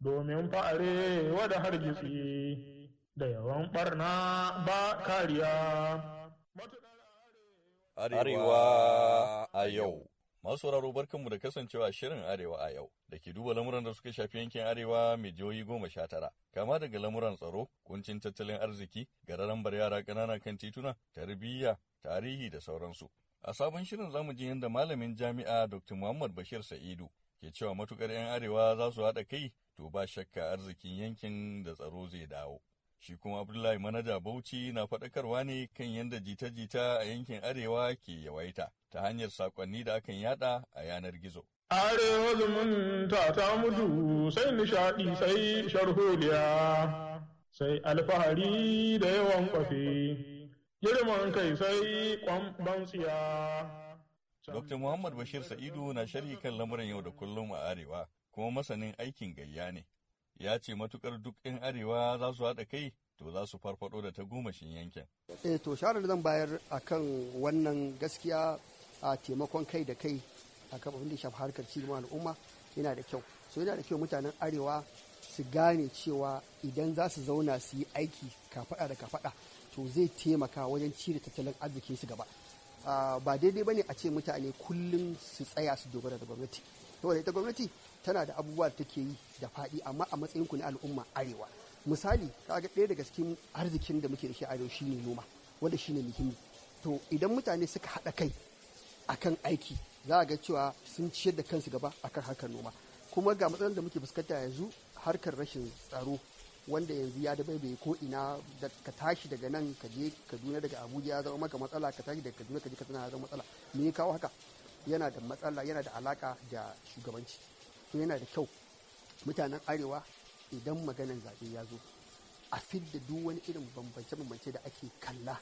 domin fa'are wada hargitsi da yawan ɓarna ba kariya. Arewa a yau Masu sauraro barkanmu da kasancewa shirin Arewa a yau da ke duba lamuran da suka shafi yankin Arewa mai jihohi goma sha tara, kama daga lamuran tsaro, kuncin tattalin arziki, gararan bar yara ƙanana kan tituna, tarbiyya, tarihi da sauransu. A sabon shirin zamu ji yadda malamin jami'a Dr. Muhammad Bashir Sa'idu ke cewa matukar 'yan Arewa za su haɗa kai to ba shakka arzikin yankin da tsaro zai dawo. Shi kuma Abdullahi Manaja Bauchi na faɗakarwa ne kan yadda jita-jita a yankin Arewa ke yawaita ta hanyar saƙonni da akan yada a yanar gizo. Arewa zumunta ta mutu sai nishaɗi sai sharholiya sai alfahari da yawan kwafe, girman kai sai kwamban tsiya. Dr. Muhammad Bashir Sa'idu na sharhi kan lamuran yau da kullum a Arewa. kuma masanin aikin gayya ne. Ya ce matukar duk 'yan arewa za su haɗa kai to za su farfado da ta gomashin yankin. E, to shawarar zan bayar akan wannan gaskiya a taimakon kai da kai a kan abin da ya shafi harkar cikin al'umma yana da kyau. So yana da kyau mutanen arewa su gane cewa idan za su zauna su yi aiki kafaɗa da kafaɗa to zai taimaka wajen cire tattalin arzikin su gaba. Ah, ba daidai ba ne a ce mutane kullum su tsaya su dogara da gwamnati. saboda ita gwamnati tana da abubuwa da take yi da faɗi amma a matsayin ku na al'umma arewa misali kaga ɗaya daga cikin arzikin da muke da shi arewa shine noma wanda shine muhimmi to idan mutane suka haɗa kai akan aiki za a ga cewa sun ciyar da kansu gaba akan harkar noma kuma ga matsalar da muke fuskanta yanzu harkar rashin tsaro wanda yanzu ya bai ko ina da ka tashi daga nan ka je kaduna daga abuja ya zama maka matsala ka tashi daga kaduna ka je katsina ya zama matsala me ya kawo haka yana da matsala yana da alaka da shugabanci to yana da kyau mutanen arewa idan maganan zaɓe ya zo a fidda duk wani irin bambance-bambance da ake kalla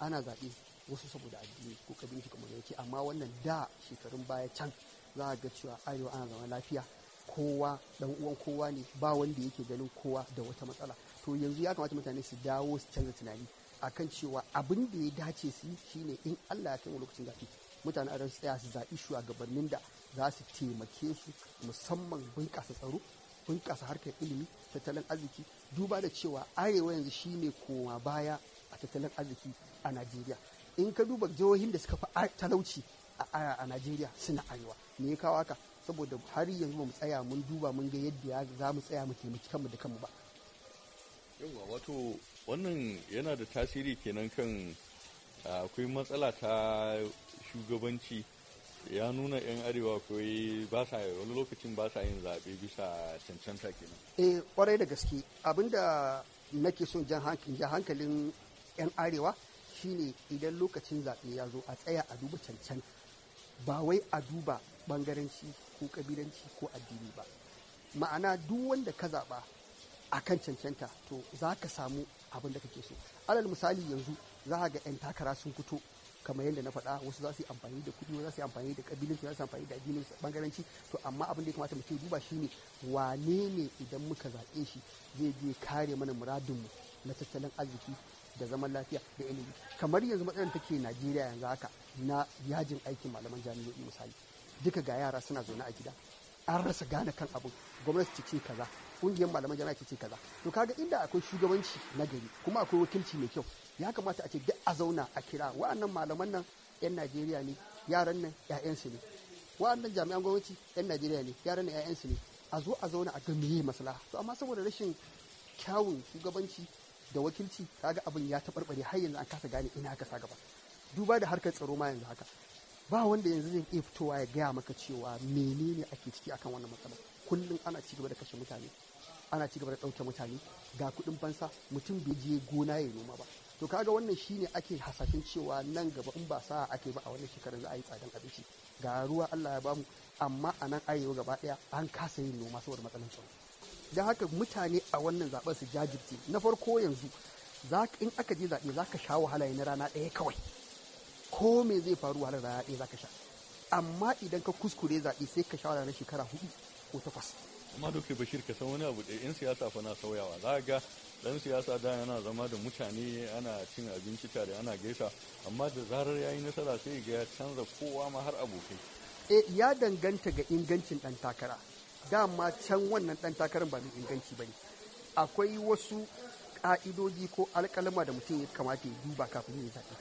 ana zaɓe wasu saboda addini ko kabilanci kamar yake amma wannan da shekarun baya can za a ga cewa arewa ana zama lafiya kowa dan uwan kowa ne ba wanda yake ganin kowa da wata matsala to yanzu ya kamata mutane su dawo su canza tunani akan cewa abin da ya dace su yi shine in Allah ya kai lokacin zaɓe mutane a tsaya su zaɓi shugabannin da za su taimake su musamman bunƙasa tsaro bunƙasa harkar ilimi tattalin arziki duba da cewa arewa yanzu shine koma baya a tattalin arziki a najeriya in ka duba jihohin da suka fi talauci a najeriya suna arewa me ya kawo haka saboda har yanzu mu tsaya mun duba mun ga yadda za mu tsaya mu taimaki kanmu da kanmu ba yawwa wato wannan yana da tasiri kenan kan akwai matsala ta shugabanci ya nuna 'yan arewa kawai ba sa wani lokacin ba sa yin zaɓe bisa cancanta kenan. eh kwarai da gaske abinda nake son jan hankalin 'yan arewa shine idan lokacin zaɓe ya zo a tsaya a duba cancan ba wai a duba bangaranci ko kabilanci ko addini ba ma'ana duk wanda ka zaɓa a kan cancanta to za ka samu abin da kake so alal misali yanzu za a ga 'yan takara sun fito kamar yadda na faɗa wasu za su yi amfani da kuɗi za su yi amfani da ƙabilanci za su amfani da addinin bangaranci to amma abin da ya kamata mu ke duba ne wane ne idan muka zaɓe shi zai je kare mana muradinmu na tattalin arziki da zaman lafiya da ilimi kamar yanzu matsalar take Najeriya yanzu haka na yajin aikin malaman jami'o'i misali duka ga yara suna zaune a gida an rasa gane kan abu gwamnati ce kaza kungiyar malaman jami'a ce kaza to kaga inda akwai shugabanci na gari kuma akwai wakilci mai kyau ya kamata a ce duk a zauna a kira wa'annan malaman nan yan Najeriya ne yaran nan su ne wa'annan jami'an gwamnati yan Najeriya ne yaran nan su ne a zo a zauna a ga meye maslaha to amma saboda rashin kyawun shugabanci da wakilci kaga abin ya taɓarɓare har yanzu an kasa gane ina aka sa gaba duba da harkar tsaro ma yanzu haka ba wanda yanzu zai iya fitowa ya gaya maka cewa menene ake ciki akan wannan matsalar kullum ana ci gaba da kashe mutane ana ci gaba da ɗauke mutane ga kuɗin fansa mutum bai je gona ya noma ba to kaga wannan shine ake hasashen cewa nan gaba in ba sa'a ake ba a wannan shekarar za a yi tsadan abinci ga ruwa Allah ya bamu amma a nan ayewa gaba ɗaya an kasa yin noma saboda matsalar tsaro dan haka mutane a wannan zaben su jajirce na farko yanzu in aka je zaɓe za ka sha wahala na rana ɗaya kawai ko me zai faru wahalar rana ɗaya zaka sha amma idan ka kuskure zaɓe sai ka sha na shekara hudu ko takwas amma doki bashir ka san wani abu da yan siyasa fa na sauyawa za ga dan siyasa da yana zama da mutane ana cin abinci tare ana gaisa amma da zarar yayi nasara sai ga ya canza kowa ma har abokai e ya danganta ga ingancin dan takara dama can wannan ɗan takarar ba mai inganci ba ne. akwai wasu ƙa'idodi ko alƙalama da mutum ya kamata ya duba kafin ya zaɓe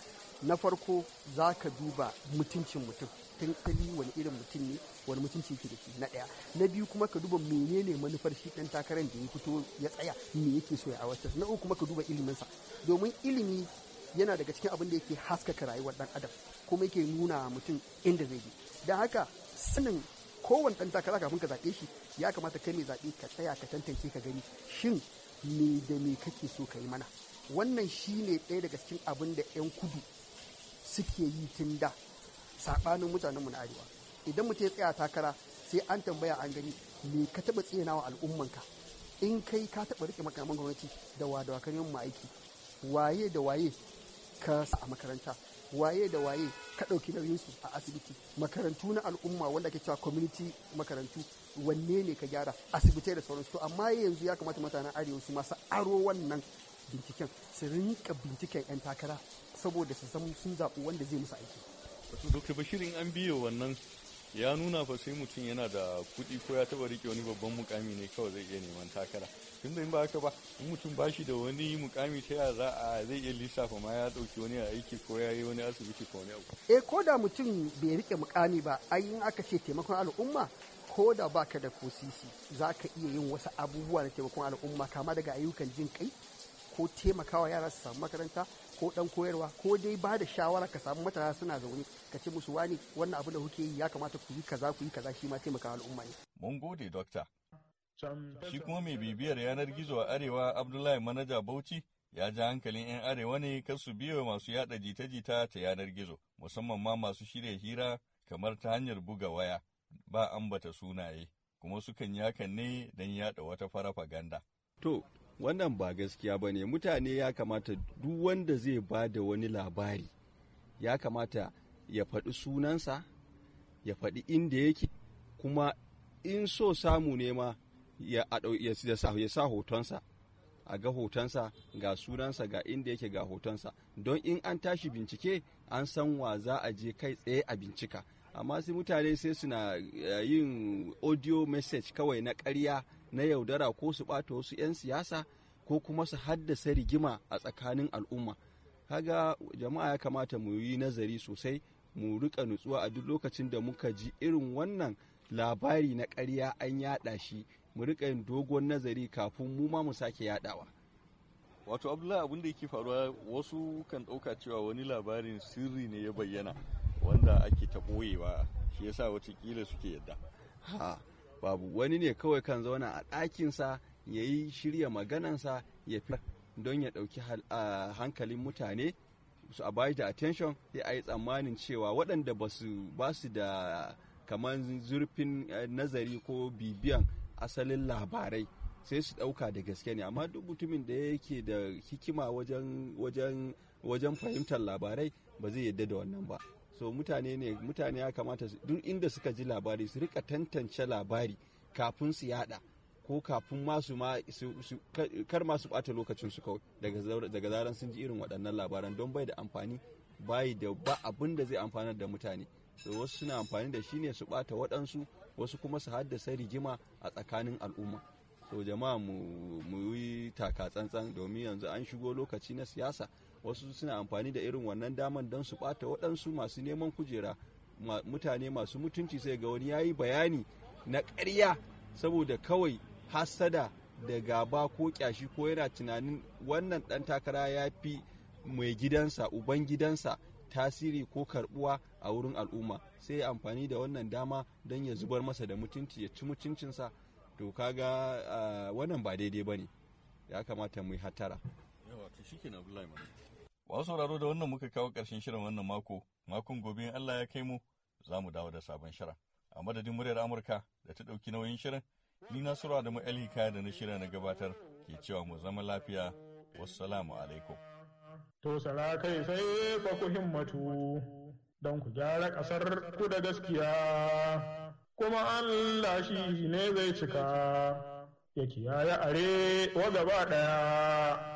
na farko za ka duba mutuncin mutum tun kali wani irin mutum ne wani mutunci yake da shi na ɗaya na biyu kuma ka duba menene manufar shi ɗan takarar da ya fito ya tsaya me yake so ya aiwatar na uku kuma ka duba iliminsa domin ilimi yana daga cikin abin da yake haskaka rayuwar ɗan adam kuma yake nuna mutum inda zai je don haka sanin kowane ɗan takara kafin ka zaɓe shi ya kamata kai mai zaɓe ka tsaya ka tantance ka gani shin me da me kake so ka yi mana wannan shine ɗaya daga cikin abin da 'yan kudu suke yi tun da saɓanin mu na arewa idan mutum ya tsaya takara sai an tambaya an gani me ka taɓa tsenawa al'ummanka in kai ka taɓa rike makaman gwamnati da wa da mu aiki waye da waye ka sa a makaranta waye da waye ka ɗauki nauyinsu a asibiti makarantu na al'umma wanda ake cewa community makarantu wanne ne ka gyara asibitai da sauransu to amma yanzu ya kamata mutanen arewa su masu aro wannan binciken su rinka binciken 'yan takara saboda su zama sun zaɓi wanda zai musu aiki. wato dr bashir in an biyo wannan ya nuna fa sai mutum yana da kuɗi ko ya taɓa rike wani babban mukami ne kawai zai iya neman takara tun da in ba haka ba in mutum ba shi da wani mukami ta yaya za a zai iya lissafa ma ya ɗauki wani a aiki ko ya yi wani asibiti ko wani abu. eh ko da mutum bai rike mukami ba ai in aka ce taimakon al'umma ko da baka da kosisi sisi za ka iya yin wasu abubuwa na taimakon al'umma kama daga ayyukan jin kai ko taimakawa yara su samu makaranta ko dan koyarwa ko dai ba da shawara ka samu matasa suna zaune ka ce musu wani wannan abu da kuke yi ya kamata ku yi kaza ku yi kaza shi ma taimaka al'umma ne. Mun gode dokta. Shi kuma mai bibiyar yanar gizo a arewa Abdullahi Manaja Bauchi ya ji hankalin 'yan arewa ne kar su biyo masu yada jita-jita ta yanar gizo musamman ma masu shirya hira kamar ta hanyar buga waya ba ambata sunaye kuma sukan yakan ne don yada wata ganda. To, wannan ba gaskiya ba ne mutane ya kamata duk wanda zai ba da wani labari ya kamata ya faɗi sunansa ya faɗi inda yake kuma in so samu ne ma ya, sa hotonsa a ga hotonsa ga sunansa ga inda yake ga hotonsa don in an tashi bincike an san wa za a je kai tsaye a bincika amma sai mutane sai suna eh, yin audio message kawai na karya. na yaudara ko su ɓata wasu 'yan siyasa ko kuma su haddasa rigima a tsakanin al'umma kaga jama'a ya kamata mu yi nazari sosai mu rika nutsuwa a duk lokacin da muka ji irin wannan labari na ƙarya an yaɗa shi mu rika yin dogon nazari kafin mu ma mu sake yaɗawa wato abdullahi abin da yake faruwa wasu kan ɗauka cewa wani labarin sirri ne ya bayyana wanda ake ta ɓoyewa shi yasa watakila suke yadda babu wani ne kawai kan zauna a ɗakinsa ya yi shirya maganansa ya fi don ya ɗauki hankalin mutane su a da attention sai a yi tsammanin cewa waɗanda ba su da kamar zurfin eh, nazari ko bibiyan asalin labarai sai su ɗauka da gaske ne amma duk mutumin da yake da hikima wajen fahimtar labarai ba zai yadda da wannan ba so mutane ne mutane ya kamata duk inda suka ji labari su rika tantance labari kafin su yada ko kafin masu ma kar masu bata lokacin su kawai daga zaran sun ji irin waɗannan labaran don bai da amfani bai da ba abin da zai amfanar da mutane so wasu suna amfani da shi ne su bata waɗansu wasu kuma su haddasa rigima a tsakanin al'umma so jama'a mu yi taka tsantsan domin yanzu an shigo lokaci na siyasa wasu suna amfani da irin wannan daman don su bata waɗansu masu neman kujera mutane masu mutunci sai ga wani yayi bayani na karya saboda kawai hassada da gaba ko kyashi ko yana tunanin wannan ɗan takara ya fi mai gidansa uban gidansa tasiri ko karbuwa a wurin al'umma sai amfani da wannan dama don ya zubar masa da mutunci ya ci mutuncinsa to kaga ah, wannan ba daidai ba ne ya kamata mu yi hatara wa sauraro da wannan muka kawo ƙarshen shirin wannan mako, makon gobe in Allah ya kai mu za mu dawo da sabon shirin. A madadin muryar Amurka da ta ɗauki nauyin shirin, ni na sura da mu'ali kaya da na shirya na gabatar ke cewa mu zama lafiya. Wassalamu alaikum. To sara kai sai fa ku himmatu don ku gyara ƙasar ku da gaskiya, kuma Allah shi ne zai cika, ya kiyaye are wa gaba ɗaya.